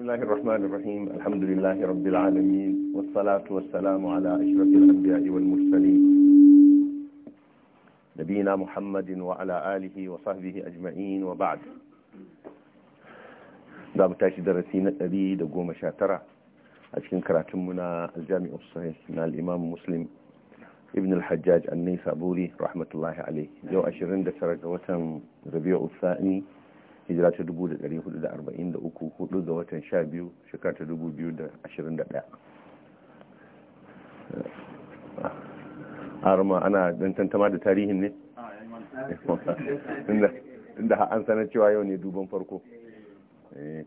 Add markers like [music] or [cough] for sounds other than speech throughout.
بسم الله الرحمن الرحيم الحمد لله رب العالمين والصلاة والسلام على أشرف الأنبياء والمرسلين نبينا محمد وعلى آله وصحبه أجمعين وبعد دام تاشي درسين الذي دقوم شاترة أشكن كراتمنا الجامع الصحيح من الإمام مسلم ابن الحجاج النيسابوري رحمة الله عليه يو أشرين دسرق وتم ربيع الثاني hijira ta 1443 hudu ga watan 12 shekara ta 2021 harma ana don tantama da tarihin ne inda an sanar cewa yau ne duban farko eh.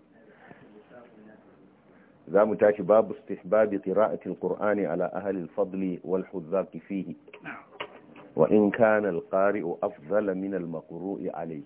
za mu tashi babu istihbabi qira'atil qur'ani ala ahli al-fadli wal huzzaqi fihi wa in kana al-qari'u afdala min al-maqru'i alayhi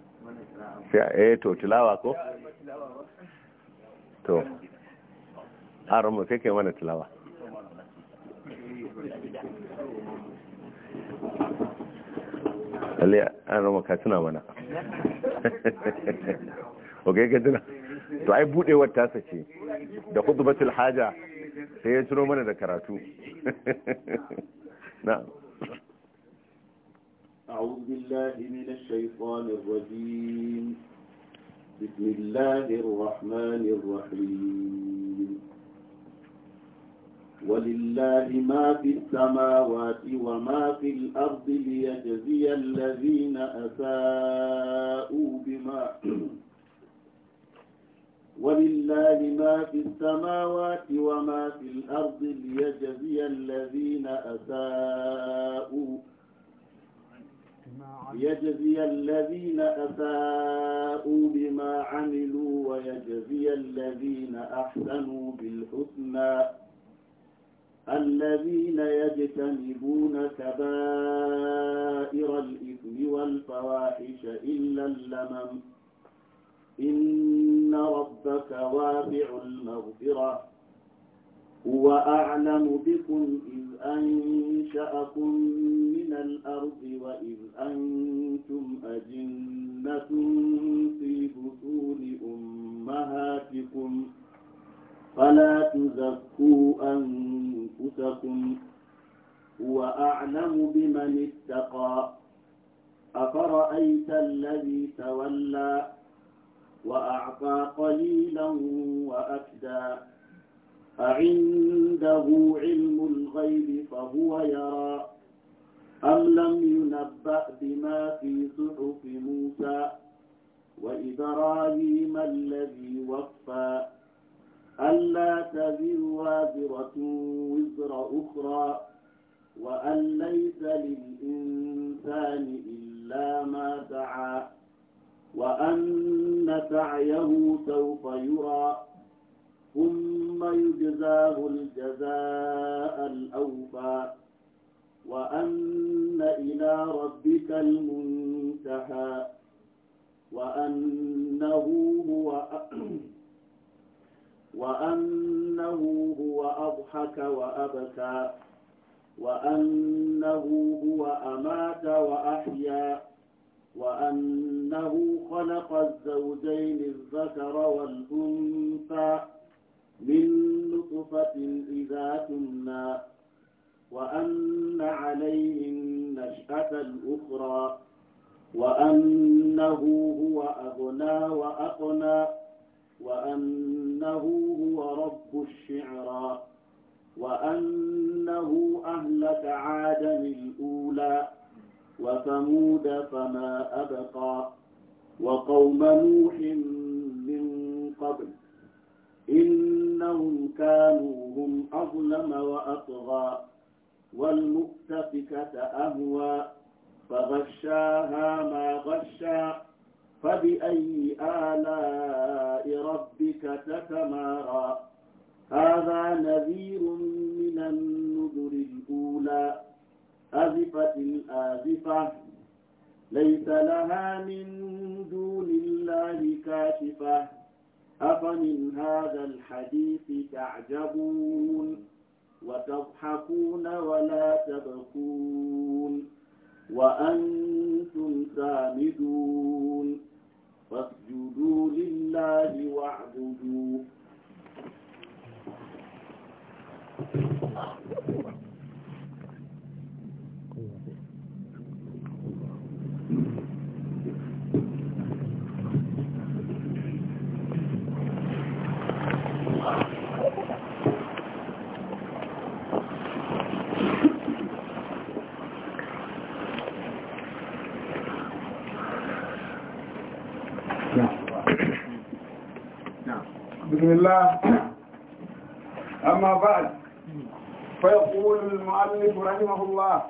eh to tilawa ko to a ramu ke mana tilawa Ali an rama ka tuna mana. [laughs] Ok ka tuna. To ai budewar wata sace da khutbatul haja sai ya ciro mana da karatu. [laughs] Na'am. أعوذ بالله من الشيطان الرجيم بسم الله الرحمن الرحيم ولله ما في السماوات وما في الأرض ليجزي الذين أساءوا بما [clears throat] ولله ما في السماوات وما في الأرض ليجزي الذين أساءوا ليجزي الذين أساءوا بما عملوا ويجزي الذين أحسنوا بالحسنى الذين يجتنبون كبائر الإثم والفواحش إلا اللمم إن ربك واسع المغفرة هو أعلم بكم إذ أنشأكم من الأرض وإذ أنتم أجنة في بطون أمهاتكم فلا تزكوا أنفسكم هو أعلم بمن اتقى أفرأيت الذي تولى وأعطى قليلا وأكدى أعنده علم الغيب فهو يرى أم لم ينبأ بما في صحف موسى وإبراهيم الذي وفى ألا تزر وازرة وزر أخرى وأن ليس للإنسان إلا ما سعى وأن سعيه سوف يرى ثم يجزاه الجزاء الأوفى وأن إلى ربك المنتهى وأنه هو [clears throat] وأنه هو أضحك وأبكى وأنه هو أمات وأحيا وأنه خلق الزوجين الذكر والأنثى من لطفة إذا تمنى وأن عليه النشأة الأخرى وأنه هو أغنى وأقنى وأنه هو رب الشعرى وأنه أهلك عادا الأولى وثمود فما أبقى وقوم نوح من قبل إن أنهم كانوا هم أظلم وأطغى والمؤتفكة أهوى فغشاها ما غشى فبأي آلاء ربك تتمارى هذا نذير من النذر الأولى أزفت الآزفة ليس لها من دون الله كاشفة أفمن هذا الحديث تعجبون وتضحكون ولا تبكون وأنتم سامدون فاسجدوا لله واعبدوه بسم الله أما بعد فيقول المؤلف رحمه الله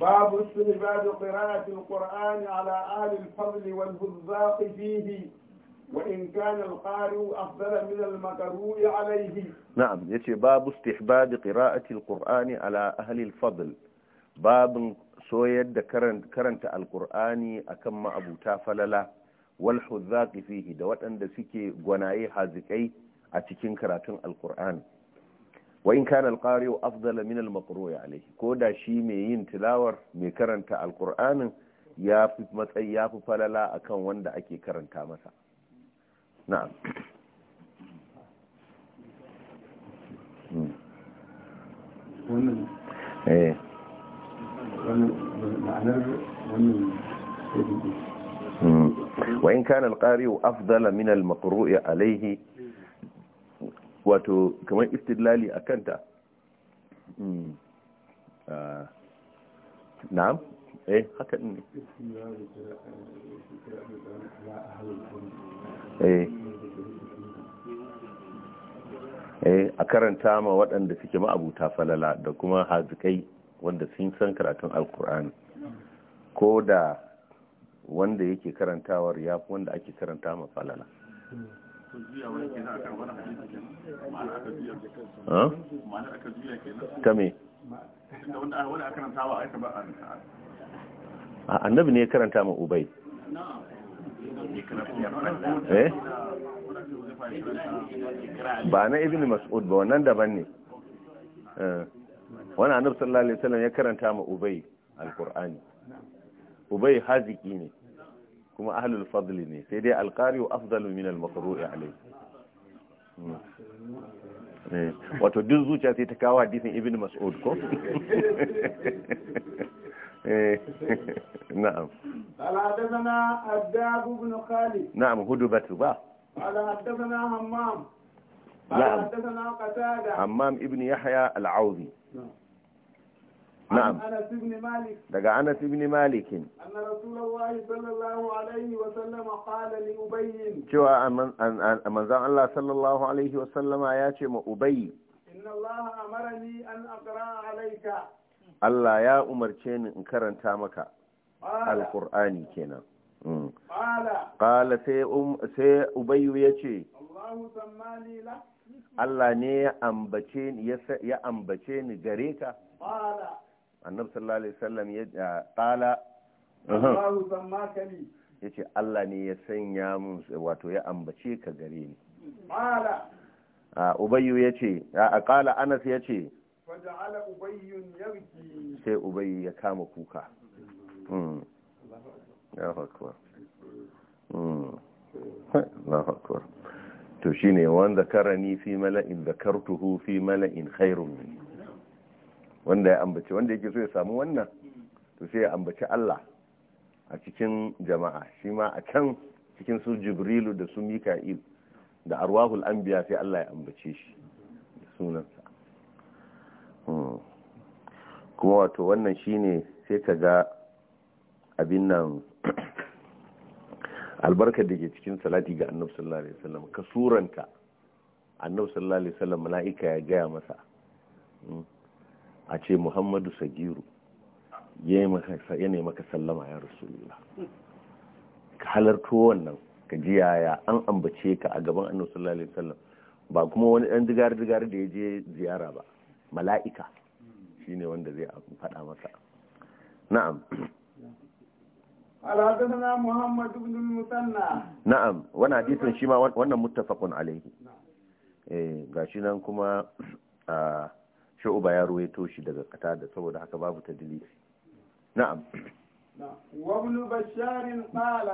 باب استنباد قراءة القرآن على أهل الفضل والبزاق فيه وإن كان القارئ أفضل من المكروه عليه نعم يتي باب استحباب قراءة القرآن على أهل الفضل باب سويد كرنت القرآن أكم أبو تافللا wal huzzaqi fihi da waɗanda suke gwanaye hazikai a cikin karatun alqur'ani wa in kana wa afdal min ya alayhi ko da shi mai yin tilawar mai karanta alqur'anin ya fi matsayi ya fi falala akan wanda ake karanta masa na'am wannan eh wannan ma'anar wannan wa in kana alqari'u afdala min almaqru'i alayhi wato kamar istidlali akan ta na'am eh haka ne eh eh a karanta ma waɗanda suke ma'abuta falala da kuma hazikai wanda sun san karatun alkur'ani ko da wanda yake karantawar ya fi wanda ake karanta ma falala annabi ne ya karanta ma ubai eh? ba na ibn mas'ud ba wannan daban ne eh. wani annabi sallallahu alaihi wasallam ya karanta ma ubai alqur'ani ubay haziki ne kuma ahlul fadli ne sai dai alqari'u afdalu min al-maqru'i alayhi hmm. eh, wato duk zuciya sai ta kawo hadisin ibn mas'ud ko [laughs] eh, [laughs] na'am ala hadathana addab ibn khalid na'am hudubatu ba ala hadathana hammam ala hadathana qatada hammam ibn yahya al-audi نعم أنس بن مالك دقى أنس بن مالك أن رسول الله صلى الله عليه وسلم قال لأبي شو من زعم الله صلى الله عليه وسلم آياتي أبي إن الله أمرني أن أقرأ عليك الله يا أمر شين إن كرنت مكة القرآن كنا قال قال سي أم سي أبي يتي الله سماني له Allah ne ya ambace ni ya ambace ni gare ka annabi sallallahu alaihi wasallam ya qala Allahu zammaka li yace Allah ne ya sanya mun wato ya ambace ka gare ni a ubayyu yace a qala Anas yace faja'ala ubayyu yarki sai ubayyu ya kama kuka mm ya hakwa mm la hakwa to shine wanda karani fi mala'in zakartuhu fi mala'in khairun minni wanda ya ambaci wanda yake so ya samu wannan to sai ya ambaci Allah a cikin jama'a shi ma a can cikin su jibrilu da su mika'il da arwahul anbiya sai Allah ya ambace shi sunansa hmm. kuma wato wannan shine sai ka ga abin nan [coughs] albarkar da ke cikin salati ga annabi sallallahu alaihi wasallam ka suranta annabi sallallahu alaihi wasallam mala'ika ya gaya masa hmm. a ce muhammadu sagiru ya ne maka sallama ya rasulullah ka halarto wannan ka ji yaya an ambace ka a gaban annabi sallallahu alaihi wasallam ba kuma wani dan digar digar da ya je ziyara ba mala'ika shine wanda zai faɗa masa na'am alhadana muhammad ibn musanna na'am wannan hadisin shi ma wannan muttafaqun alaihi eh gashi nan kuma a ah, shu'uba ya ruwaito shi daga qatada saboda haka babu tadlis na'am وابن بشار قال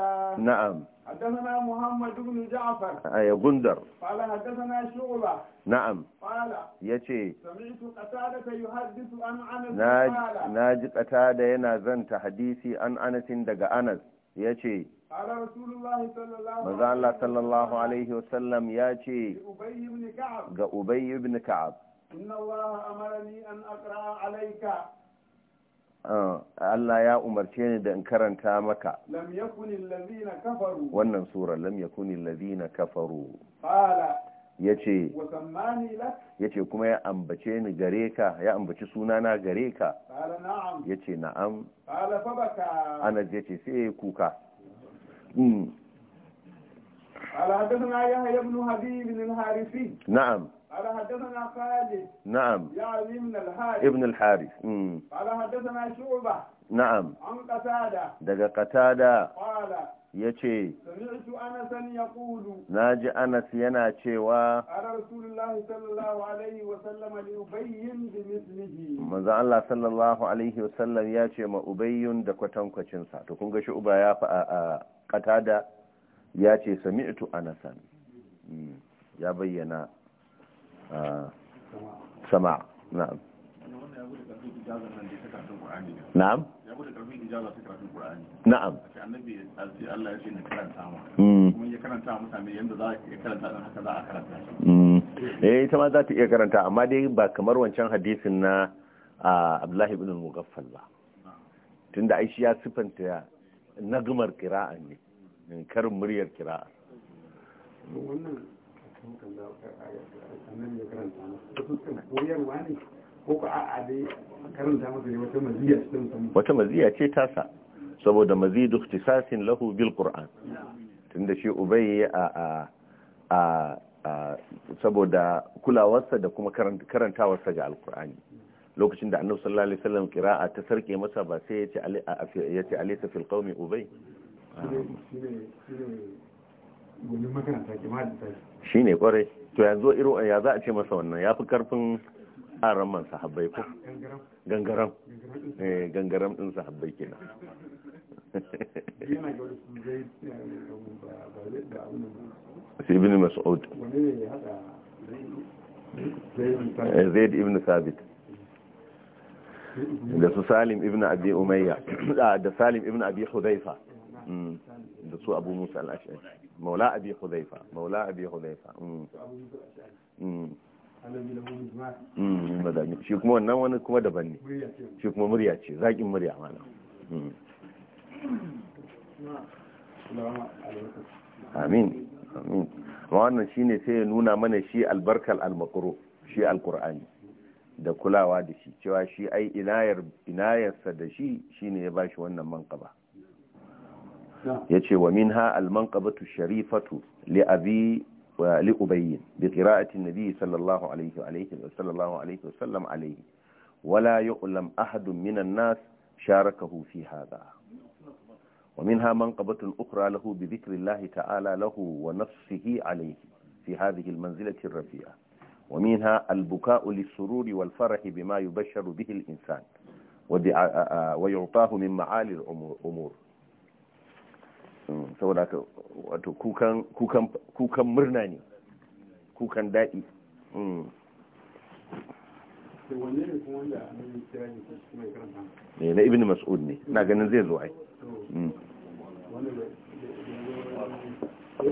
نعم حدثنا محمد بن جعفر يا غندر قال حدثنا شعبة نعم قال يتي سمعت قتادة يحدث عن أنس قال ناج قتادة ينازن تحديثي عن أنس دق أنس يتي قال رسول الله صلى الله عليه وسلم الله صلى الله عليه وسلم يتي أبي بن كعب أبي بن كعب إن الله أمرني أن أقرأ عليك Allah ya umarce ni da in karanta maka wannan sura lam yakuni allazina kafaru yace yace kuma ya ambace ni gare ka ya ambaci sunana gare ka yace na'am ana yace sai kuka ala قال حدثنا يحيى بن al الحارثي na'am قال حدثنا خالد نعم يعني ابن الحارث ابن الحارث قال حدثنا شعبة نعم عن قتادة دقى قتادة قال ya ce na ji anas yana cewa manzan Allah sallallahu alaihi wasallam ya ce ma ubayyun da kwatankwacinsa to kun ga uba ya fa a katada ya ce sami'tu anasan ya bayyana sama na'am na'am na'am eh ita ma za ta iya karanta amma dai ba kamar wancan hadisin na abdullahi ibn mugaffal ba tunda ai shi ya sifanta nagmar kira'a ne karin muryar kira'a wata maziya ce tasa saboda mazidu ikhtisasin lahu bil qur'an tunda shi ubayy a a saboda kulawarsa da kuma karantawarsa ga alkur'ani lokacin da annabi sallallahu alaihi wasallam qira'a ta sarke masa ba sai yace yace alaysa fil qaumi ubay shi ne kwarai to yanzu iro ya za a ce masa wannan ya fi karfin aron man sahabbai ko gangaram gangaram eh, din sahabbai kenan eh, sai ibn mas'ud zaid ibn sabit da su salim ibn abi umayya [coughs] ah, da salim ibn abi hudayfa mm. da su abu musa al-ash'ari maula abi hudhaifa maula abi hudhaifa shi kuma wannan wani kuma daban ne shi kuma murya ce zaƙin murya mana amin amin amma wannan shine sai ya nuna mana shi albarkal almakuro shi alkur'ani da kulawa da shi cewa shi ai inayarsa da shi shine ya bashi wannan manqaba yace wa minha al-manqabatu sharifatu li abi wa li ubayy bi qira'ati an-nabi sallallahu alayhi wa alihi wa sallallahu alayhi wa sallam alayhi wala yu'lam ahadun minan nas sharakahu fi hadha ومنها منقبة أخرى له بذكر الله تعالى له ونفسه عليه في هذه المنزلة الرفيعة ومنها البكاء للسرور والفرح بما يبشر به الإنسان ويعطاه من معالي الأمور saboda ka wato kukan murna ne kukan daɗi mm. ne eh, na ibn mas'ud ne na ganin zai zo ai mm.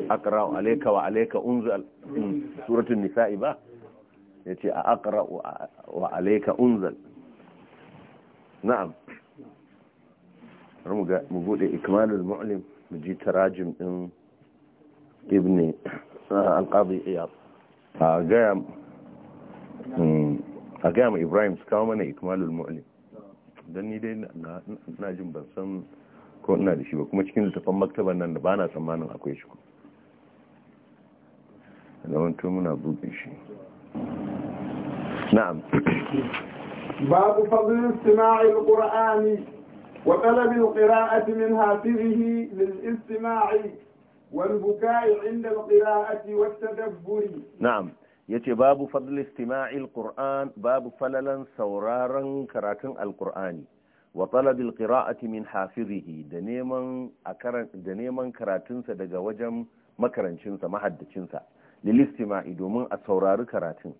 aqra'u alayka wa alayka unzal mm. suratul nisa'i ba yace a aqra'u wa alayka unzal na'am mu ga mu bude ikmalul mu'allim mu ji tarajim din ibn ah, al-qadi iyad a gaya hmm, a gaya ma ibrahim su kawo mana ikmalul mu'allim don ni dai na jin ban san ko ina da shi ba kuma cikin littafin maktaban nan da ba na tsammanin akwai shi ku da wanto muna buɗe shi na'am babu fadlin sina'il qur'ani وطلب القراءة من حافظه للاستماع والبكاء عند القراءة والتدبر نعم yace babu fadl istima'il qur'an babu falalan sauraron karatun alqur'ani wa talab alqira'ati min hafizihi da neman da neman karatunsa daga wajen makarancinsa mahaddacinsa lil istima'i domin a saurari karatun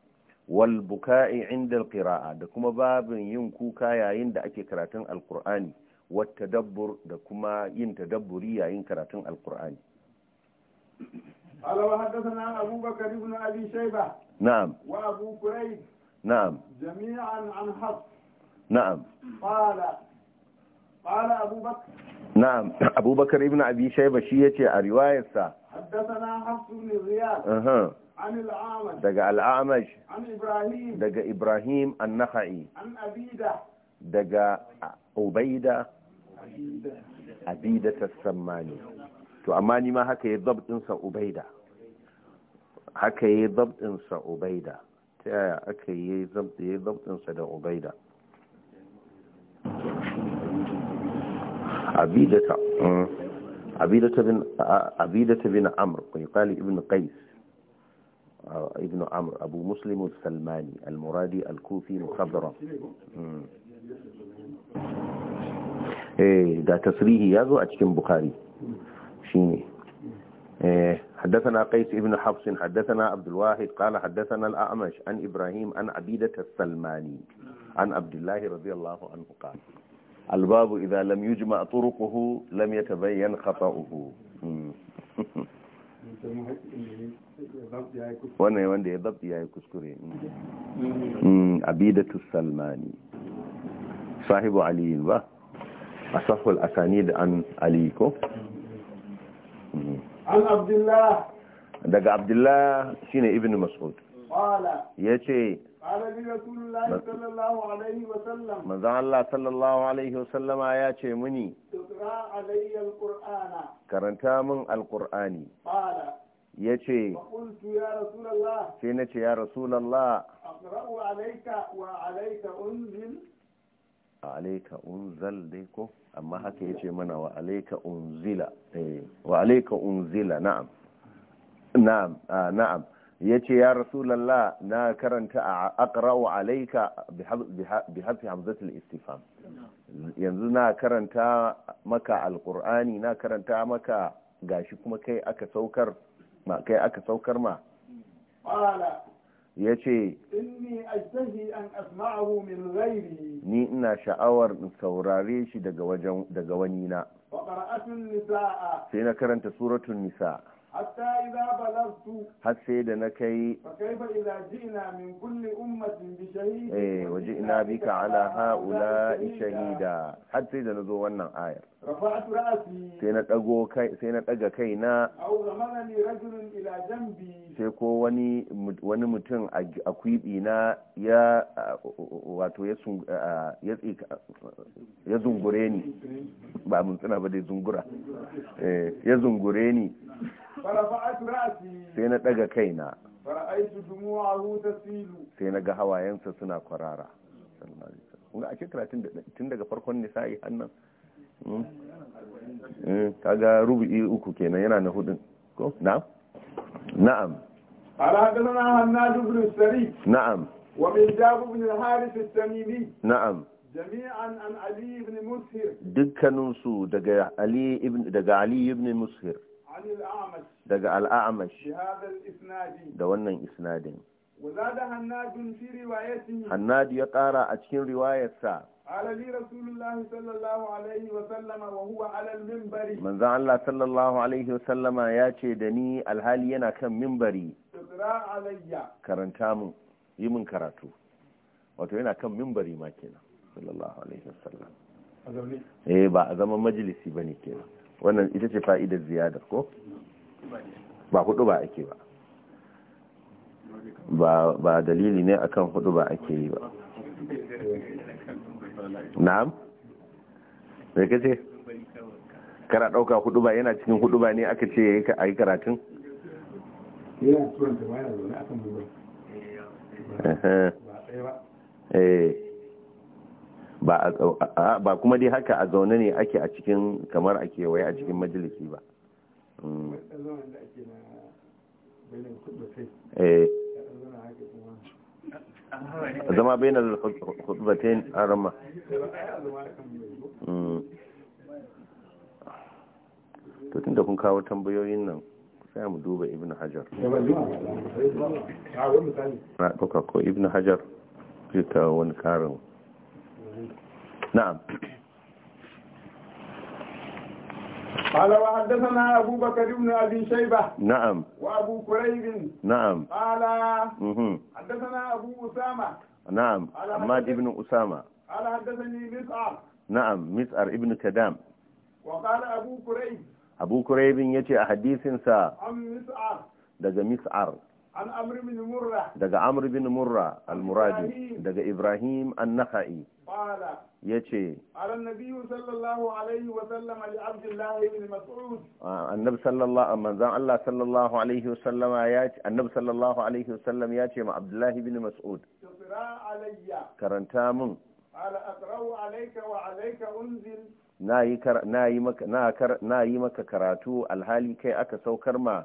wal buka'i inda alqira'a da kuma babin yin kuka yayin da ake karatun alqur'ani wata dabbur da kuma yin tadabburi yayin karatun alkur'ani alawa haddasa abu bakar ibn abi shaiba na'am wa abu kurai na'am jami'an an haf na'am qala qala abu bakar na'am [coughs] abu bakar ibn abi shaiba shi yace a riwayarsa haddathana hafs ibn riyad aha daga An Ibrahim. daga ibrahim an-nakhai an abida دقا عبيدة عبيدة السماني تو أماني ما هكا يضبط انسا عبيدة هكا يضبط انسا عبيدة تايا هكا يضبط يضبط انسا عبيدة عبيدة عبيدة بن عبيدة بن عمرو يقال ابن قيس ابن عمرو ابو مسلم السلماني المرادي الكوفي مخضرا E eh, da tasrihi ya zo a cikin bukari shi ne eh, haddasa qais ibn hafsin haddasa na abdullahi kala haddasa na al’amash an ibrahim an abidata salmani an abdullahi radiyallahu an huka albabu idan lam hmm. [laughs] yi jima a turukuhu lam ya kafa uku sahibu aliyu ba a sahul asani da an aliyu ko? an abdullah daga abdullah shine ibn mas'ud ya ce manzan Allah sallallahu alaihi wasallama ya ce muni karanta min alkur'ani ya ce sai na ce ya rasulallah alaika unzal dai ko amma haka yace mana wa alaika unzila eh wa alaika unzila na'am na'am na'am yace ya rasulullah na karanta wa alaika bi hafi hamzati al-istifham yanzu na karanta maka alkur'ani na karanta maka gashi kuma kai aka saukar ma kai aka saukar ma ya ce inni ajtahi an asma'ahu min ghairi ni ina sha'awar in saurare shi daga wani na qara'atun nisaa sai na karanta suratun nisa. hatta idza balagtu har sai da na kai fa kaifa bi eh, ala haula shahida har sai da zo wannan ayar sai na na sai ko wani mutum a na ya wato ba mun tsina eh, ya zungure ni sai na ɗaga kaina sai na ga hawayensa suna kwarara kuma a karatun tun daga farkon nisa'i hannan kaga rubu'i uku kenan yana na hudun ko na'am na'am ala hadana hannad ibn sari na'am wa biljab ibn al-harith at-tamimi na'am jami'an an ali ibn mushir dukkanin su daga ali ibn daga ali ibn mushir daga al'amash da wannan isnadin hannadi ya ƙara a cikin riwayarsa manzan Allah sallallahu alaihi wasallama ya ce da ni alhali yana kan mimbari karanta صلى yi min karatu wato yana kan mimbari ma kenan sallallahu alaihi wasallam eh ba a zaman majalisi bane kenan wannan ita ce fa'idar ziyadar ko ba hudu ba ake ba ba ba dalili ne akan hudu ba ake yi ba na'am me kace kana dauka hudu ba yana cikin hudu ba ne aka ce ya yi karatun eh ba kuma dai haka a zaune ne ake a cikin kamar ake waye a cikin majalisi ba mm. eh. zama bai na hudubatai a rama to tun da kun kawo tambayoyin nan sai mu duba ibn hajar ɗauka ko ibn hajar zai kawo wani karin نعم قال وحدثنا أبو بكر بن أبي شيبة نعم وأبو كريب نعم قال حدثنا أبو أسامة نعم حماد بن أسامة قال حدثني مسعر نعم مسعر ابن كدام وقال أبو كريب أبو كريب يتي أحاديث سا عن مسعر دجا مسعر daga amr bin murra al-muradi daga ibrahim an-nakhai ya ce annabi sallallahu manzan Allah sallallahu alaihi wasallama ya ce annabi sallallahu alaihi wasallam ya ce ma abdullahi bin mas'ud karanta mun na yi maka karatu alhali kai aka saukar ma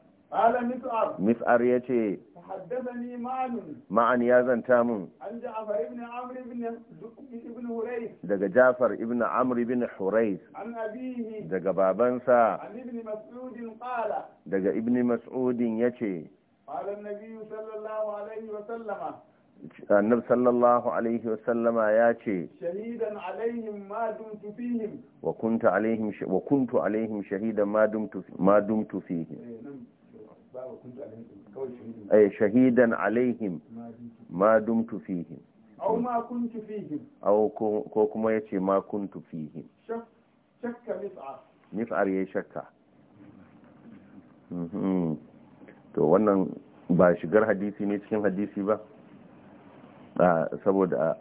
mis'ar ya ce ma'an ya zanta mun daga jafar ibn amr ibn hurais daga babansa daga ibn mas'udin ya ce annab sallallahu alaihi wasallama ya ce shahidan ma wa kuntu alaihim shahidan ma dumtu ay shahidan alaihim ma dumtu fihim aw ma kuntu fihim aw ko kuma yace ma kuntu fihim shakka mif'ar mif'ar yayi shakka mhm. to wannan ba shigar hadisi ne cikin hadisi ba saboda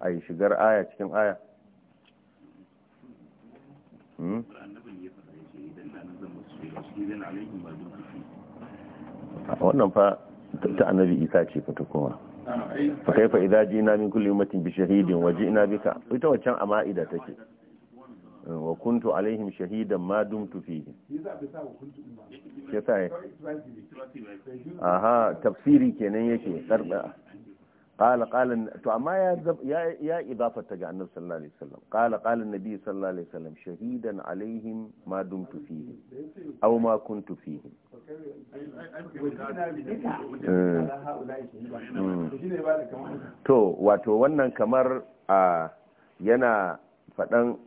a yi shigar aya cikin aya hmm? wannan fa ta annabi isa ce fa ta koma fa idza jina min kulli ummatin bi shahidin wa jina bika ita waccan a ma'ida take wa kuntu alaihim shahidan ma dumtu fihi yasa aha tafsiri kenan yake sarba قال قال تو اما يا يا اضافه تجا النبي صلى الله عليه وسلم قال قال النبي صلى الله عليه وسلم شهيدا عليهم ما دمت فيه او ما كنت فيه تو واتو wannan kamar yana fadan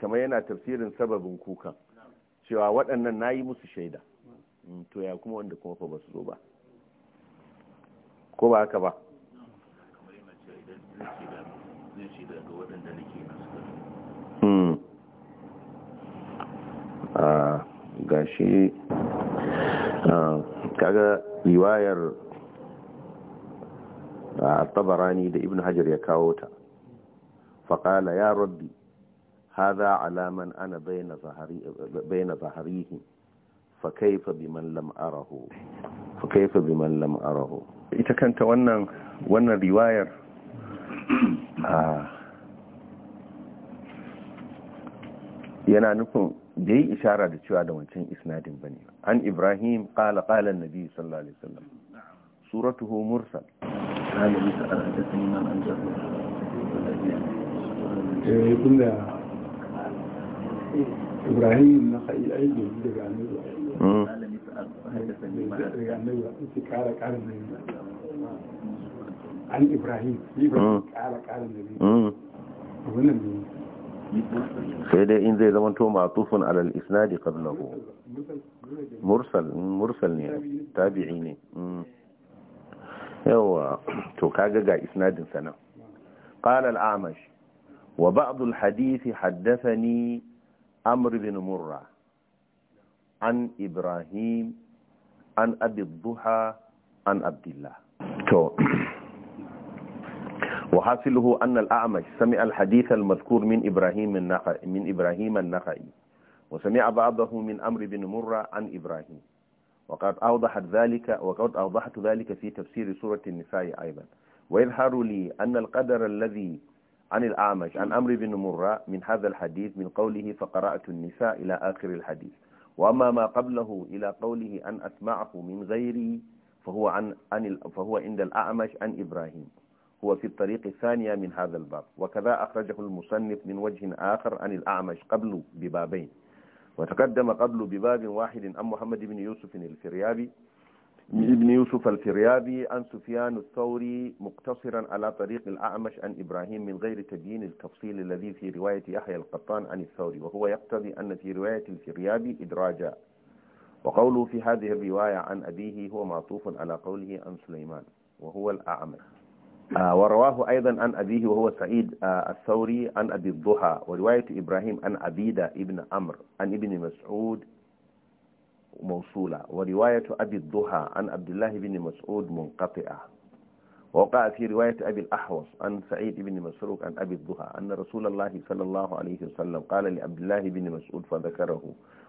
kamar yana tafsirin sababin kukan cewa waɗannan nayi musu shaida to ya kuma wanda kuma fa ba su zo ba ko ba haka ba lokaci daga waɗanda nake hmm. ah, gashi ah, kaga riwayar ah, tabarani da ibn hajar ya kawo ta faƙala ya rabbi haza alaman ana bayyana zaharihi fakaifa biman lam arahu ita kanta wannan riwayar yana nufin da yi ishara da cewa da wancan isnadin bane an ibrahim qala qala annabi sallallahu alaihi wasallam suratuhu mursal eh, ibrahim na kai aiki daga annabi hmm. daga annabi sai kara karin nan an ibrahim mm. mm. sai dai in zai zama to ma'tufun ala al qablahu mursal mursal ne tabi'i ne mm. yawa to kaga ga isnadin sa nan qala al-amash wa ba'd al-hadith haddathani amr bin murra an ibrahim an abi dhuha an abdullah to وحاصله أن الأعمش سمع الحديث المذكور من إبراهيم النخعي من إبراهيم النخعي وسمع بعضه من أمر بن مرة عن إبراهيم وقد أوضحت ذلك وقد أوضحت ذلك في تفسير سورة النساء أيضا ويظهر لي أن القدر الذي عن الأعمش عن أمر بن مرة من هذا الحديث من قوله فقرأت النساء إلى آخر الحديث وأما ما قبله إلى قوله أن أسمعه من غيري فهو, عن, عن فهو عند الأعمش عن إبراهيم هو في الطريق الثانية من هذا الباب وكذا أخرجه المصنف من وجه آخر عن الأعمش قبل ببابين وتقدم قبل بباب واحد عن محمد بن يوسف الفريابي ابن يوسف الفريابي عن سفيان الثوري مقتصرا على طريق الأعمش عن إبراهيم من غير تبيين التفصيل الذي في رواية يحيى القطان عن الثوري وهو يقتضي أن في رواية الفريابي إدراجا وقوله في هذه الرواية عن أبيه هو معطوف على قوله عن سليمان وهو الأعمش آه، ورواه أيضا عن أبيه وهو سعيد آه، الثوري عن أبي الضحى ورواية إبراهيم عن عبيدة ابن عمرو عن ابن مسعود موصولة ورواية أبي الضحى عن عبد الله بن مسعود منقطعة وقع في رواية أبي الأحوص عن سعيد بن مسروق عن أبي الضحى أن رسول الله صلى الله عليه وسلم قال لعبد الله بن مسعود فذكره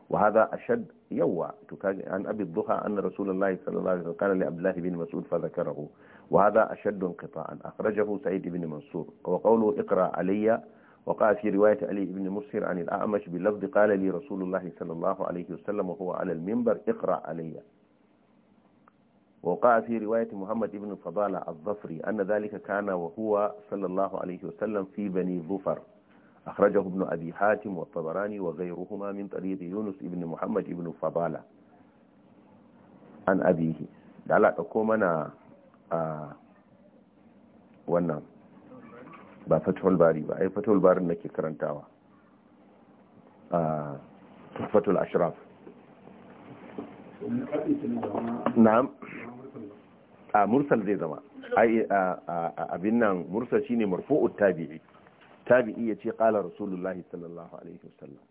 وهذا أشد يوع عن أبي الضحى أن رسول الله صلى الله عليه وسلم قال لعبد الله بن مسعود فذكره وهذا أشد انقطاعا أخرجه سعيد بن منصور وقوله اقرأ علي وقال في رواية علي بن مسهر عن الأعمش باللفظ قال لي رسول الله صلى الله عليه وسلم وهو على المنبر اقرأ علي وقع في رواية محمد بن فضالة الظفري أن ذلك كان وهو صلى الله عليه وسلم في بني ظفر أخرجه ابن أبي حاتم والطبراني وغيرهما من طريق يونس بن محمد بن فضالة عن أبيه دعلا تقومنا a wannan ba fatul bari ba ai fatul barin nake karantawa a fatul ashraf na'am a mursal zai zama abin nan mursal shine marfu'ut tabi'i tabi'i yace qala rasulullahi sallallahu alaihi wasallam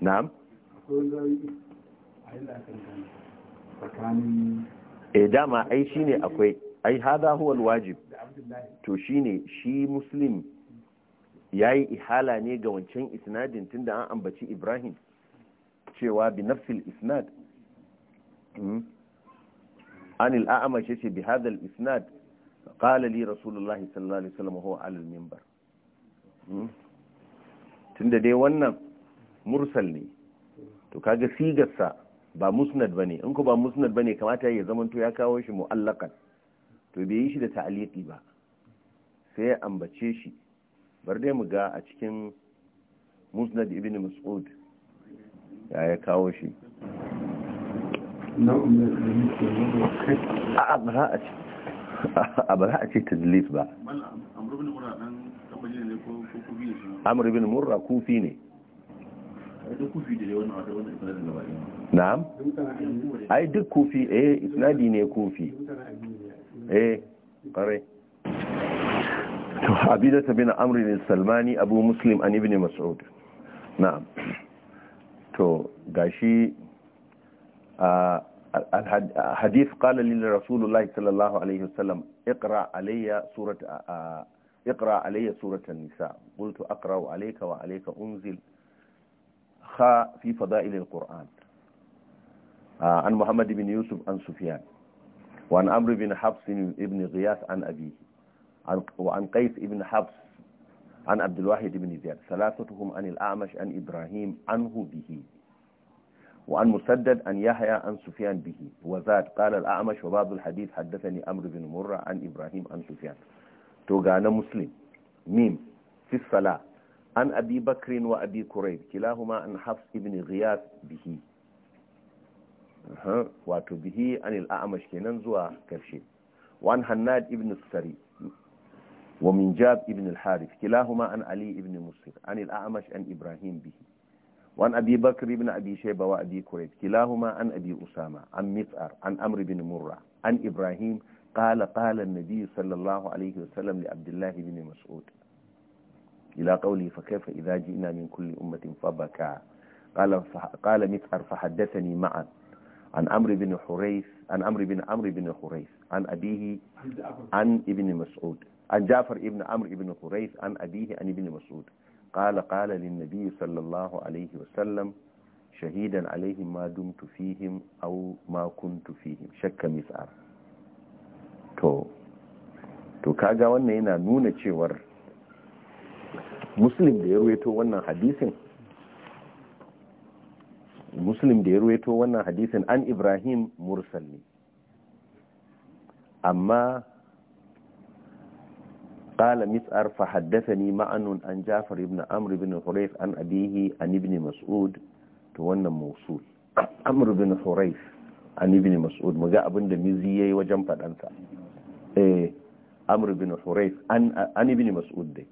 na'am Eh, dama ai shi ne akwai ai hada huwa wajib to ne shi muslim yi ihala ne ga wancan isnadin tunda an ambaci ibrahim cewa bi nafsil isnad hmm? il'a'ama shi ce bi hadal isnad رسول الله صلى Sallallahu alaihi وسلم هو على المنبر tunda dai wannan mursal ne to kaga sigarsa ba musnad bane in ko ba musnad bane kamata ya zama to ya kawo shi mu'allaqan to bai yi shi da ta'liqi ba sai ya ambace shi bar dai mu ga a cikin musnad ibn mas'ud ya ya kawo shi a [laughs] bara a ce tadlis ba amr ibn murra kufi ne نعم اي دك كوفي ايه اسنادي ني كوفي ايه قري عبيدة بن عمرو السلماني ابو مسلم عن ابن مسعود نعم تو غاشي آه، الحديث قال للرسول الله صلى الله عليه وسلم اقرا علي سوره آه، آه، اقرا علي سوره النساء قلت اقرا عليك وعليك انزل خاء في فضائل القرآن آه، عن محمد بن يوسف عن سفيان وعن عمرو بن حفص بن غياث عن أبيه وعن قيس بن حفص عن عبد الواحد بن زياد ثلاثتهم عن الأعمش عن إبراهيم عنه به وعن مسدد أن يحيى عن سفيان به وزاد قال الأعمش وبعض الحديث حدثني أمر بن مرة عن إبراهيم عن سفيان توقعنا مسلم ميم في الصلاة an abi bakrin wa abi kurayb kilahuma an hafs ibn ghiyas bihi wato bihi an al'amash kenan zuwa karshe wan hannad ibn sari wa min jab ibn al-harith kilahuma an ali ibn musir an al'amash an ibrahim bihi وعن أبي Ibn abi أبي wa abi كريب كلاهما عن أبي أسامة عن مسعر عن أمر بن مرة عن إبراهيم قال قال النبي صلى الله عليه وسلم لعبد الله بن مسعود ila qawli fa kayfa idza ji'na min kulli ummatin fabaka qala qala mithar fa haddathani ma'an an amr ibn hurayth an abihi an ibn mas'ud an ja'far ibn amr ibn hurayth an abihi an ibn mas'ud قال قال للنبي صلى الله عليه وسلم shahidan alaihim ma dumtu fihim aw ma kuntu shakka mis'ar to to kaga wannan yana nuna cewar muslim da ya ruweto wannan hadisin muslim da ya ruweto wannan hadisin an ibrahim mursal amma ƙala mitsar fahaddasa ni ma'anun an jafar ibn amr ibn huraif an abihi an ibn mas'ud ta wannan musul Amur, ibn huraif an ibn mas'ud muga abinda mizi ya yi wajen faɗansa eh Amur, ibn huraif an ibn mas'ud dai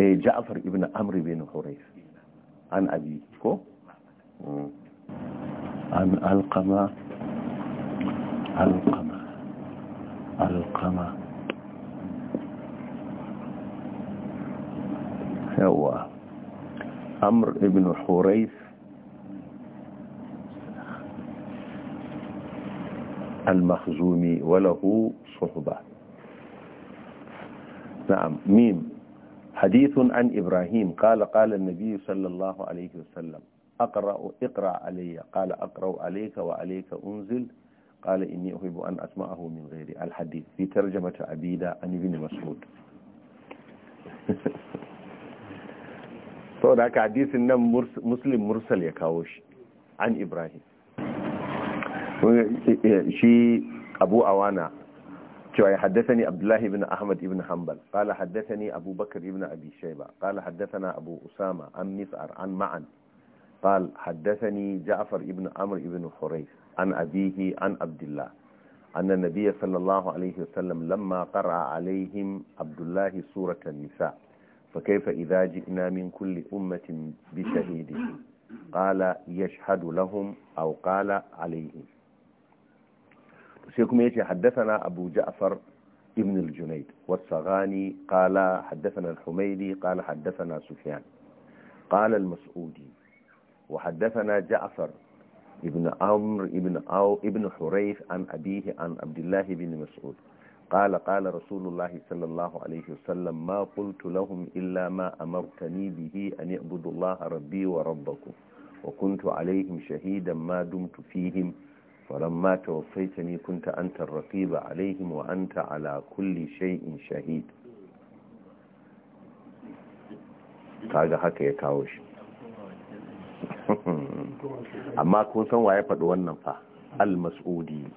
إيه، جعفر ابن عمرو بن حريث عن ابي كو عن القما القما القما هو عمرو بن حريث المخزومي وله صحبة نعم ميم حديث عن إبراهيم قال قال النبي صلى الله عليه وسلم أقرأ اقرأ علي قال أقرأ عليك وعليك أنزل قال إني أحب أن أسمعه من غير الحديث في ترجمة عبيدة عن ابن مسعود sau da aka hadisin nan muslim mursal ya kawo shi an ibrahim shi abu awana cewa ya haddasa ni abdullahi ibn ahmad ibn hanbal qala haddasa ni abubakar ibn abi shayba qala abu usama an mis'ar an ma'an qala haddasa ni ja'far ibn amr ibn hurayf an abihi an abdullah أن النبي صلى الله عليه وسلم لما قرأ عليهم عبد الله سورة النساء فكيف إذا جئنا من كل أمة بشهيد قال يشهد لهم أو قال عليهم sai kuma yace haddathana abu ja'far ibn al-junayd was qala haddathana al-humaydi qala haddathana sufyan qala al-mas'udi wa haddathana ja'far ibn amr ibn aw ibn hurayth an abihi an abdullah ibn mas'ud qala قال رسول الله صلى الله عليه ma ما illa ma amartani bihi أمرتني به أن اعبدوا الله ربي وربكم وكنت عليهم شهيدا falamma tawaffaytani kunta anta ar-raqiba alaihim wa anta ala kulli shay'in shahid kaga haka ya kawo shi amma kun san waye faɗi wannan fa al-mas'udi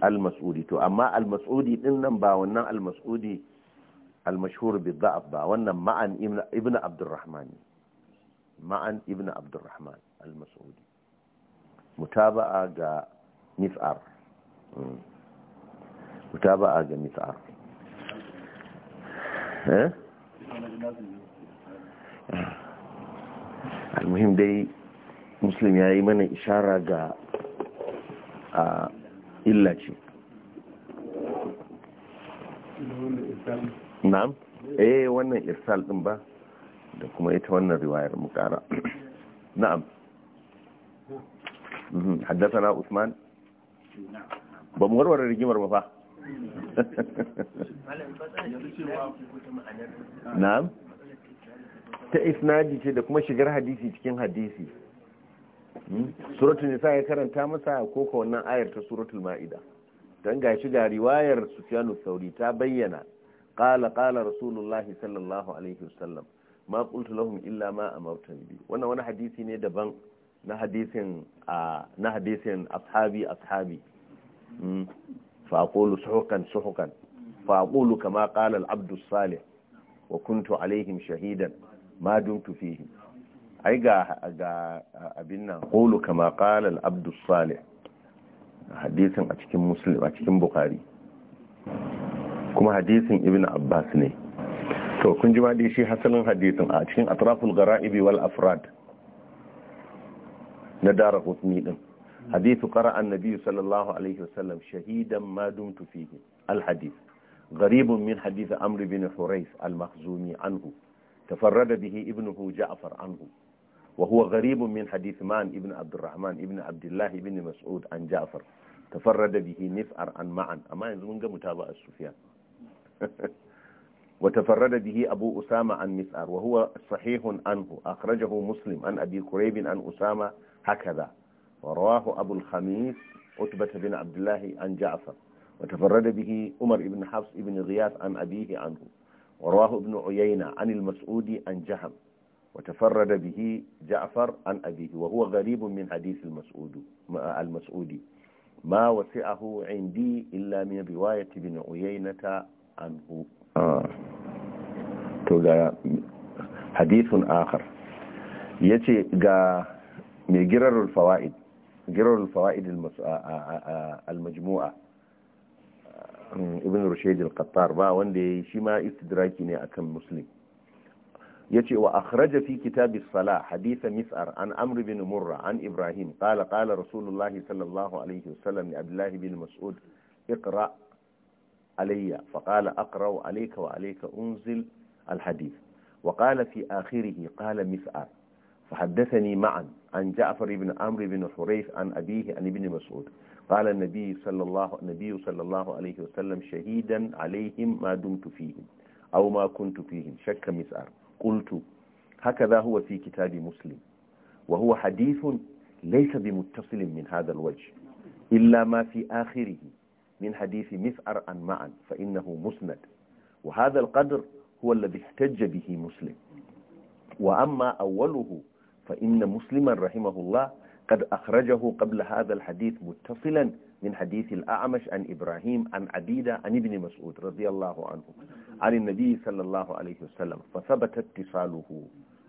al-mas'udi to amma al-mas'udi din nan ba wannan al-mas'udi al ba wannan ma'an ibn abdurrahman ma'an ibn mutaba'a ga mis'ar hmm. mutaba'a ga mis'ar eh almuhim dai muslim ya yi mana ishara ga a illa ce na'am eh wannan irsal din ba da kuma ita wannan riwayar mukara na'am حدثنا عثمان bamu warware rigimar ba fa ta isnadi ce da kuma shigar hadisi cikin hadisi suratul nisa ya karanta masa ko ka wannan ayar ta suratul ma'ida dan gashi shi sufyanu sauri ta bayyana qala qala rasulullahi sallallahu alaihi wasallam ma qultu lahum illa ma amartani bi wannan wani hadisi ne daban na hadisin na hadisin ashabi ashabi hmm. fa aqulu suhukan suhukan fa aqulu kama qala al abdu salih wa kuntu alaihim shahidan ma dumtu fihim ai ga ga abin nan qulu kama qala al abdu salih hadisin a cikin muslim a cikin bukhari kuma hadisin ibn abbas ne to kun ji ma dai shi hasalin hadisin a cikin atraful gara'ibi wal afrad na dara hutni din hadithu qara annabi sallallahu alaihi wasallam shahidan ma dumtu fihi al hadith غريب من حديث عمرو بن حريث المخزومي عنه تفرد به ابنه جعفر عنه وهو غريب من حديث مان ابن عبد الرحمن ابن عبد الله ابن مسعود عن جعفر تفرد به نفعر عن معن أما ينزلون متابعة السفيان وتفرد به أبو أسامة عن مسعر وهو صحيح عنه أخرجه مسلم عن أبي كريب عن أسامة هكذا ورواه أبو الخميس عتبة بن عبد الله عن جعفر وتفرد به عمر بن حفص بن غياث عن أبيه عنه ورواه ابن عيينة عن المسعود عن جهم وتفرد به جعفر عن أبيه وهو غريب من حديث المسعود المسعود ما وسعه عندي إلا من رواية ابن عيينة عنه آه. حديث آخر يتي قال من جرر الفوائد جرر الفوائد المس... المجموعة ابن رشيد القطار با وندي شما استدراكيني أكم مسلم يتي وأخرج في كتاب الصلاة حديث مسأر عن أمر بن مرة عن إبراهيم قال قال رسول الله صلى الله عليه وسلم لعبد الله بن المسعود اقرأ علي فقال أقرأ عليك وعليك أنزل الحديث وقال في آخره قال مسأر فحدثني معا عن جعفر بن عمرو بن حريث عن أبيه عن ابن مسعود قال النبي صلى الله النبي صلى الله عليه وسلم شهيدا عليهم ما دمت فيهم أو ما كنت فيهم شك مسعر قلت هكذا هو في كتاب مسلم وهو حديث ليس بمتصل من هذا الوجه إلا ما في آخره من حديث مسعر عن معا فإنه مسند وهذا القدر هو الذي احتج به مسلم وأما أوله فإن مسلما رحمه الله قد أخرجه قبل هذا الحديث متصلا من حديث الأعمش عن إبراهيم عن عبيدة عن ابن مسعود رضي الله عنه عن النبي صلى الله عليه وسلم فثبت اتصاله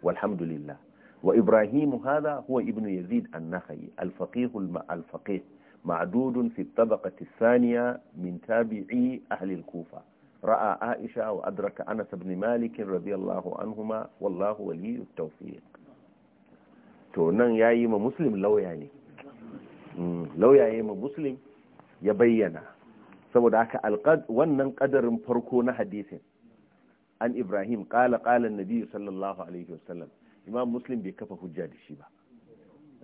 والحمد لله وإبراهيم هذا هو ابن يزيد النخعي الفقيه الفقيه معدود في الطبقة الثانية من تابعي أهل الكوفة رأى عائشة وأدرك أنس بن مالك رضي الله عنهما والله ولي التوفيق to nan ya yi ma muslim lauya ne mm, lauya ya yi ma muslim ya bayyana saboda haka wannan ƙadarin farko na hadisin an ibrahim kala kala nabi sallallahu alaihi wasallam imam muslim bai kafa hujja da shi ba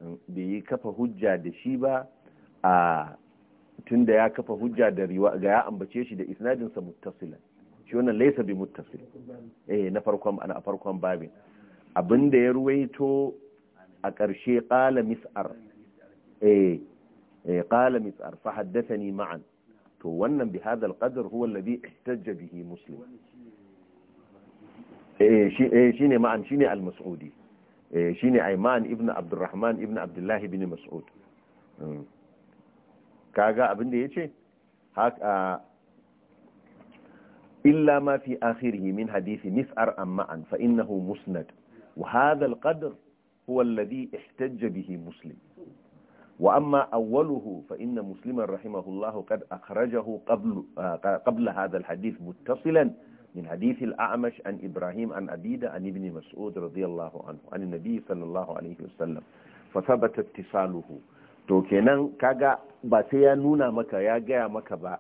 mm, bai yi kafa hujja da shi ba a tun da ya kafa hujja da riwa ga ya ambace shi da isnadinsa muttasilan shi wannan laisa bi muttasil eh na farkon a farkon babin abinda ya ruwaito a ƙarshe ƙala mis'ar eh, eh ƙala mis'ar fa haddathani ma'an to wannan bi hadha al-qadr huwa alladhi ihtajja bihi muslim eh, eh shine ma'an shine al-mas'udi eh shine ayman ibn abdurrahman ibn abdullah ibn mas'ud hmm. kaga abin da yace haka إلا ما في آخره misar حديث مسأر أم معا musnad مسند وهذا القدر هو الذي احتج به مسلم وأما أوله فإن مسلما رحمه الله قد أخرجه قبل, آه، قبل هذا الحديث متصلا من حديث الأعمش عن إبراهيم عن أبيد عن ابن مسعود رضي الله عنه عن النبي صلى الله عليه وسلم فثبت اتصاله تو kenan kaga باتيا نونا ya nuna maka ya gaya maka ba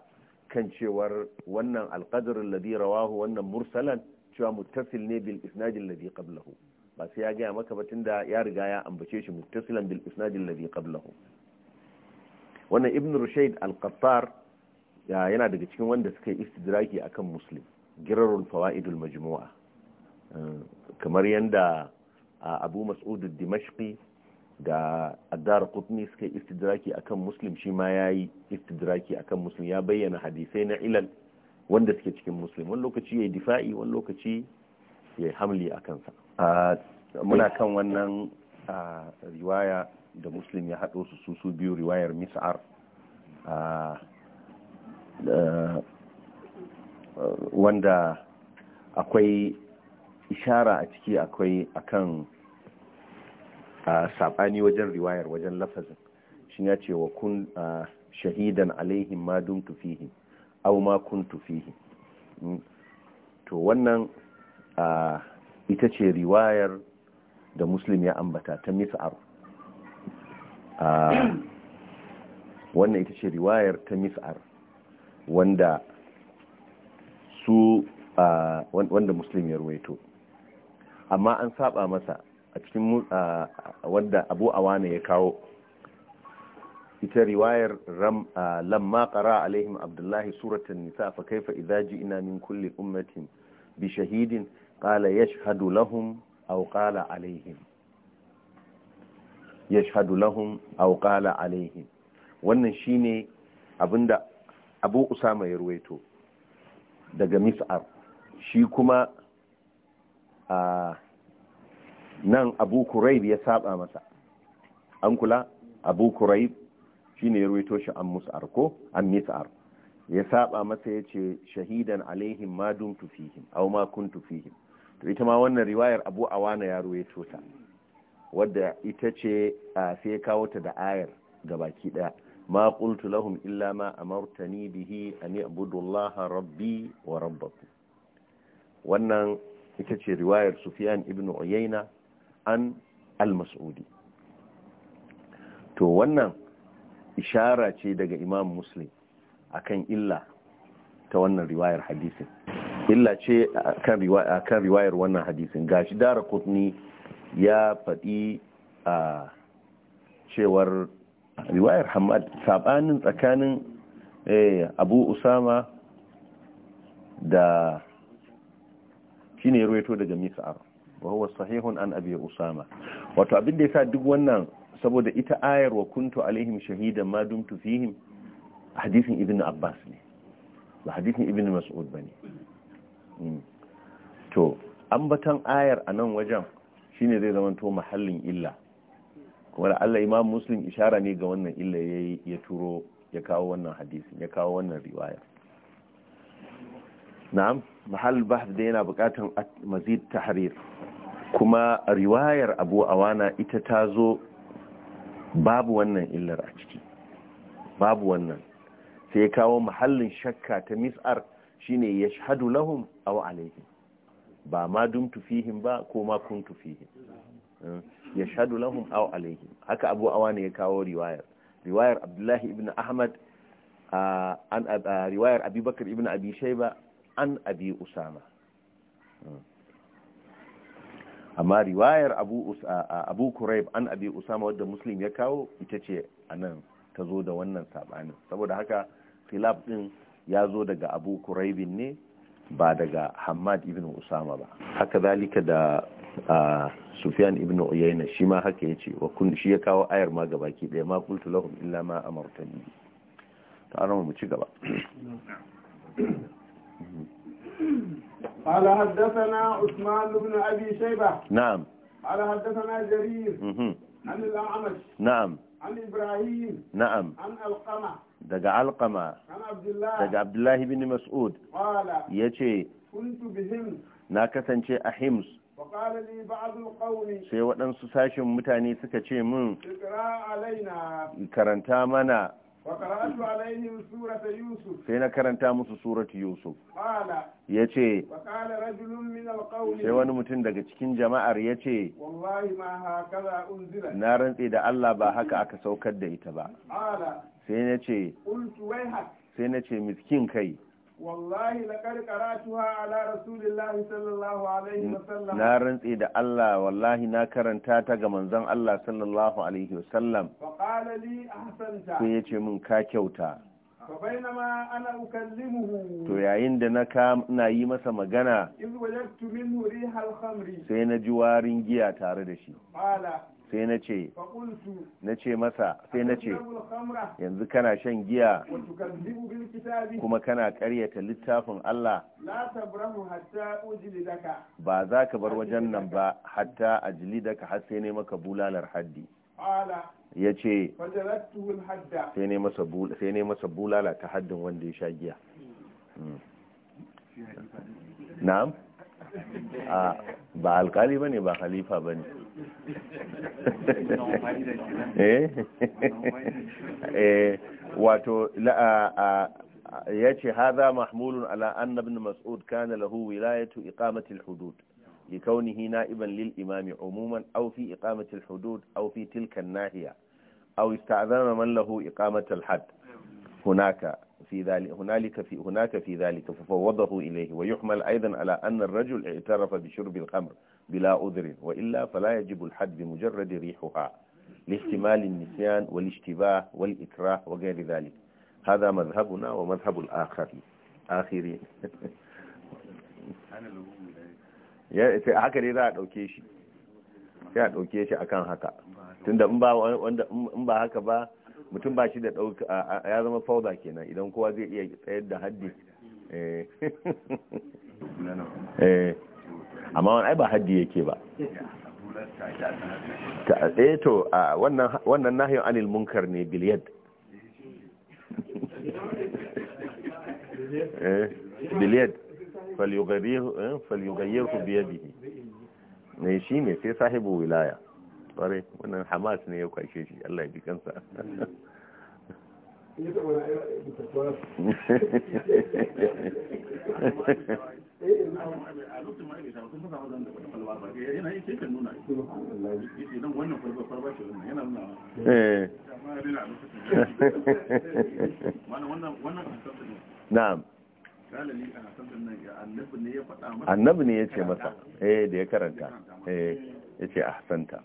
kan cewar wannan alqadar alladhi rawahu wannan mursalan cewa muttasil ba sai ya gaya maka ba tunda ya riga ya ambace shi muttasilan bil isnad alladhi qablahu wannan ibn rushayd al-qattar yana daga cikin wanda suka yi istidraki akan muslim girarul fawaidul majmu'a eh, kamar yanda abu mas'ud ad-dimashqi da addar qutni suka yi istidraki akan muslim shi ma yayi istidraki akan muslim ya bayyana hadisai na ilal wanda suke cikin muslim wani lokaci ya difa'i wani lokaci ya hamli a kansa muna eh. kan wannan riwaya da muslim ya haɗo su su biyu riwayar mis'ar wanda akwai ishara a ciki akwai akan saɓani wajen riwayar wajen lafazin shi ya ce wa kun shahidan alaihim ma dumtu tufihi au ma kun tufihi hmm. to wannan ita ce riwayar da muslim ya ambata ta mis'ar wannan ita ce riwayar ta mis'ar wanda su wanda muslim ya ruwaito amma an saba masa a cikin wanda abu awane ya kawo ita riwayar lamma qara alaihim abdullahi suratan nisa fa kaifa idza ina min kulli ummatin bi shahidin قال يشهد لهم أو قال عليهم يشهد لهم أو قال عليهم wannan shine abinda Abu Usama ya ruwaito daga Mis'ar shi kuma a nan Abu Kurayb ya saba masa an kula Abu Kurayb shine ya ruwaito shi an Mus'ar ko an Mis'ar ya saba masa yace shahidan alaihim ma dumtu fihim aw ma kuntu fihim to ita ma wannan riwayar abu awana ya ruwe ta wadda ita ce a sai kawo ta da ayar baki daya ma qultu lahum illa ma a amartani bihi an i'budullaha rabbi wa rabbaku wannan ita ce riwayar sufyan ibn uyayna an Almas'udi. to wannan ishara ce daga imam muslim akan illa ta wannan riwayar hadisin illa ce a kan riwayar wannan hadisin gashi dara kutni ya faɗi a cewar riwayar hamad sabanin tsakanin eh, abu usama da shi ruwaito daga misa'ar wahuwa sahihun an abu usama wato abin da ya sa duk wannan saboda ita ayar wa kuntu alaihim shahidan ma dumtu fihim hadisin ibn abbas ne ba hadisin ibn mas'ud ba ne Mm. to ambatan ayar a nan wajen shine zai zama to mahallin illa kuma da Allah imam muslim ishara ne ga wannan illa ya turo ya kawo wannan hadisi, ya kawo wannan riwaya na'am mahal bahth da yana bukatan mazid tahrir kuma riwayar abu awana ita ta zo babu wannan illar a ciki babu wannan sai ya kawo mahallin shakka ta mis'ar shine yashhadu lahum aw alaihim ba ma dumtu fihim ba ko ma kuntu fihim hmm? yashhadu lahum aw alaihim haka abu awana ya kawo riwayar riwayar abdullahi ibn ahmad an riwayar abubakar ibn abi shayba an abi usama hmm. amma riwayar abu abu kurayb an abi usama wanda muslim ya kawo ita ce anan ta zo da wannan sabanin saboda haka khilaf din ya zo daga abu kuraibin ne ba daga hamad ibn usama ba haka zalika da Sufiyan ibn uyayna shi ma haka ya ce shi ya kawo ayar ma gabaki daya ma kultu lahum illa ma amartani ta arama mu ci gaba قال حدثنا عثمان بن أبي شيبة نعم قال حدثنا جرير عن الأعمش نعم عن إبراهيم نعم عن القمة daga alkama daga abdullahi bin mas'ud ya ce na kasance a hims sai waɗansu sashen mutane suka ce min karanta mana sai na karanta musu suratu yusuf ya ce sai wani mutum daga cikin jama'ar ya ce na rantse da allah ba haka aka saukar da ita ba sai na ce sai na ce miskin kai wallahi laqad qara'tuha ala rasulillahi sallallahu alaihi wasallam na rantsi da Allah wallahi na karanta ta ga manzon Allah sallallahu alaihi wasallam fa qala li ahsanta sai yace min ka kyauta fa bainama ana ukallimuhu to yayin da na ka na yi masa magana iz wajadtu minhu rihal khamri sai na ji warin giya tare da shi qala sai na ce na ce masa sai na ce yanzu kana shan giya kuma kana karyata littafin Allah ba za ka bar wajen nan ba hatta a daka har sai ne maka bulalar haddi ya ce sai ne masa bulala ta haddin wanda ya sha giya hmm. na'am ah, ba alkali ba ne ba halifa ba ne Eh? [laughs] Eh, wato ya ce haza mahmulun ala anna ibn mas'ud kana lahu wilayatu iqamati al-hudud لكونه نائبا للإمام عموما أو في إقامة الحدود أو في تلك الناحية أو استعذن من له إقامة الحد هناك في ذلك هنالك في هناك في ذلك ففوضه إليه ويحمل أيضا على أن الرجل اعترف بشرب الخمر بلا أذر وإلا فلا يجب الحد بمجرد ريحها لاحتمال النسيان والاشتباه والإكراه وغير ذلك هذا مذهبنا ومذهب الآخر آخرين haka ne إذا a ɗauke shi sai a ɗauke shi akan haka tunda in ba haka ba mutum ba shi da ɗauka ya zama fauda kenan idan kowa zai iya tsayar da haddi eh. [laughs] Eh. amma wani ba haddi yake ba eh to wannan nahiyar anil munkar ne biliyad [laughs] eh, biliyad ku falyugayyarku biyu ne shi ne sai sahibu wilaya kware wannan hamas ne ya kwashe shi allah ya ji kansa annabi ne ya ce masa eh da ya karanta eh ya ce a ahsanta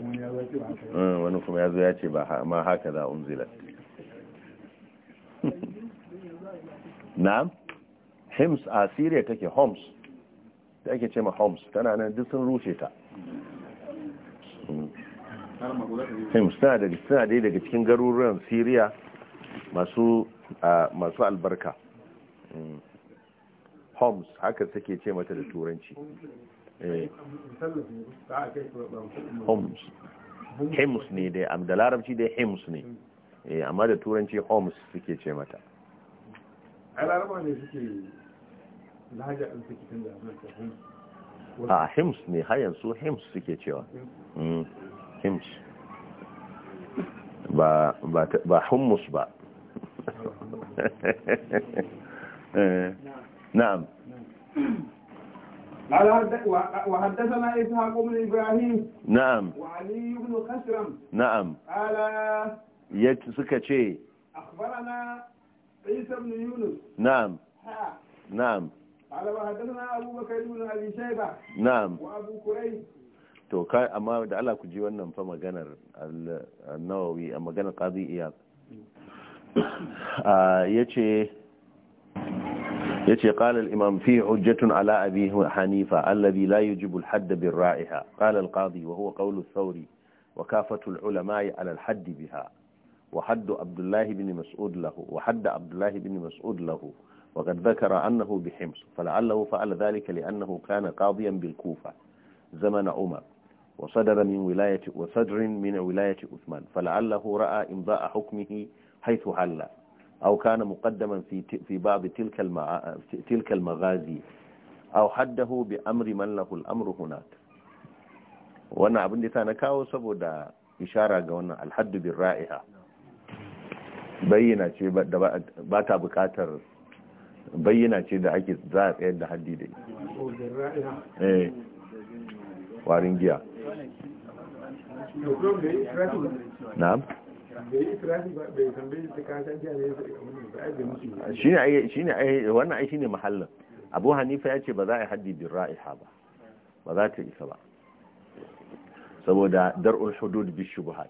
Hmm, wani kuma ya zo ya ce ba ma haka za unzila [laughs] na? hims a syria take homs da ake ce ma homs tana nan duk sun rushe ta hims tana dai daga cikin garuruwan syria masu albarka hmm. homs haka take ce mata da turanci Eh. homs ne dai am da larabci dai hims ne eh, amma da turanci homs suke ce mata a laraba ne suke suke a ne har yanzu hims suke cewa mm. hims ba hummus ba [laughs] eh. na'am قال وحدثنا إسحاق بن إبراهيم نعم وعلي بن خسرم نعم قال يك سكتشي أخبرنا عيسى بن يونس نعم ها. نعم قال وحدثنا أبو بكر بن أبي شيبة نعم وأبو كريب to kai amma da Allah ku ji wannan fa maganar al a maganar Qadi Iyad a yace yace qala al-imam fi hujjatun ala abi hanifa alladhi la yujibu al-hadd bir-ra'iha qala al-qadi wa huwa qawlu thawri wa kafatu al-ulama'i ala al-hadd biha wa hadd abdullah ibn mas'ud lahu wa hadd abdullah ibn mas'ud lahu وقد ذكر أنه بحمص فلعله فعل ذلك لأنه كان قاضيا بالكوفة زمن عمر وصدر من ولاية وصدر من ولاية عثمان فلعله رأى إمضاء حكمه حيث حل أو كان مقدما في في باب تلك المع... تلك المغازي أو حده بأمر من له الأمر هناك وانا abin da ta na kawo saboda ishara ga wannan alhaddu bin ra'iha bayyana ce ba ta bukatar bayyana ce da ake za a tsayar da haddi da eh warin giya na'am shi shine ai wannan ai ne mahallin abu hanifa ya ce ba za a yi haddi bin ra'iha ba ba za ta isa ba saboda dar'ul hudud bi shubuhat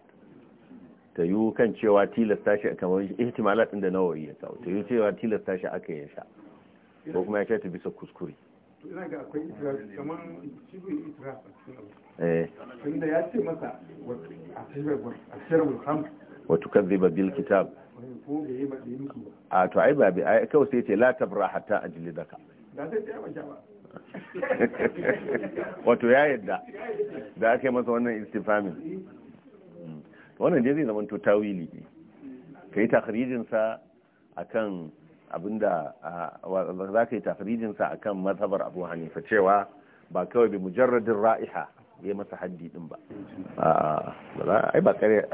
ta yi kan cewa tilasta shi a kamar ihtimalat din da nawawi ya kawo ta yi cewa tilasta shi aka yi sha ko kuma ya ce ta bisa kuskure ina ga akwai itiraf kamar shibin itiraf a cikin abu eh tunda ya ce masa a shirar hamsu wa tukadhiba bil kitab a to ai ba bi ai kawai sai ce la tabra hatta ajlidaka wato ya yadda da aka yi masa wannan istifamin wannan je zai zama to tawili ne kai takhrijin sa akan abinda za ka yi takhrijin sa akan mazhabar Abu Hanifa cewa ba kawai bi mujarradin ra'iha ya masa haddi din ba ai ba kare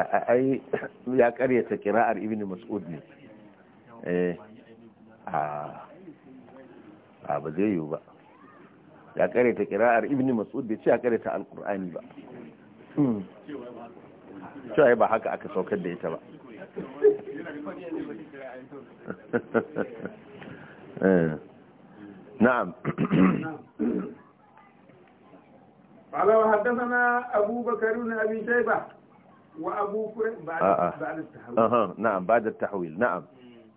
ya kare ta kira'ar ibn mas'ud ne eh a ba zai yiwu ba ya kare ta kira'ar ibn mas'ud bai ce ya kare ta alkur'ani ba cewa hmm. ba haka aka saukar da ita ba [laughs] eh, na'am قال وحدثنا أبو بكر بن أبي شيبة وأبو كريب بعد, آه. بعد التحويل آه. نعم بعد التحويل نعم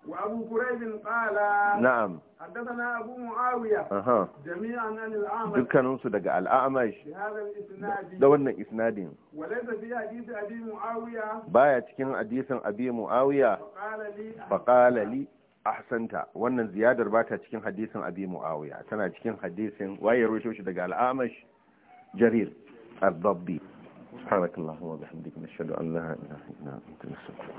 وأبو كريب قال نعم حدثنا أبو معاوية آه. جميعا عن الأعمش كانوا صدق الأعمش بهذا الإسناد دولنا إسناد وليس في حديث أبي معاوية باية كان حديث أبي معاوية فقال لي فقال لي ahsanta wannan ziyadar ba ta cikin hadisin abi muawiya tana cikin hadisin waye rawaito shi daga al'amash جرير الضبي سبحانك اللهم وبحمدك نشهد أن لا إله إلا أنت نستغفرك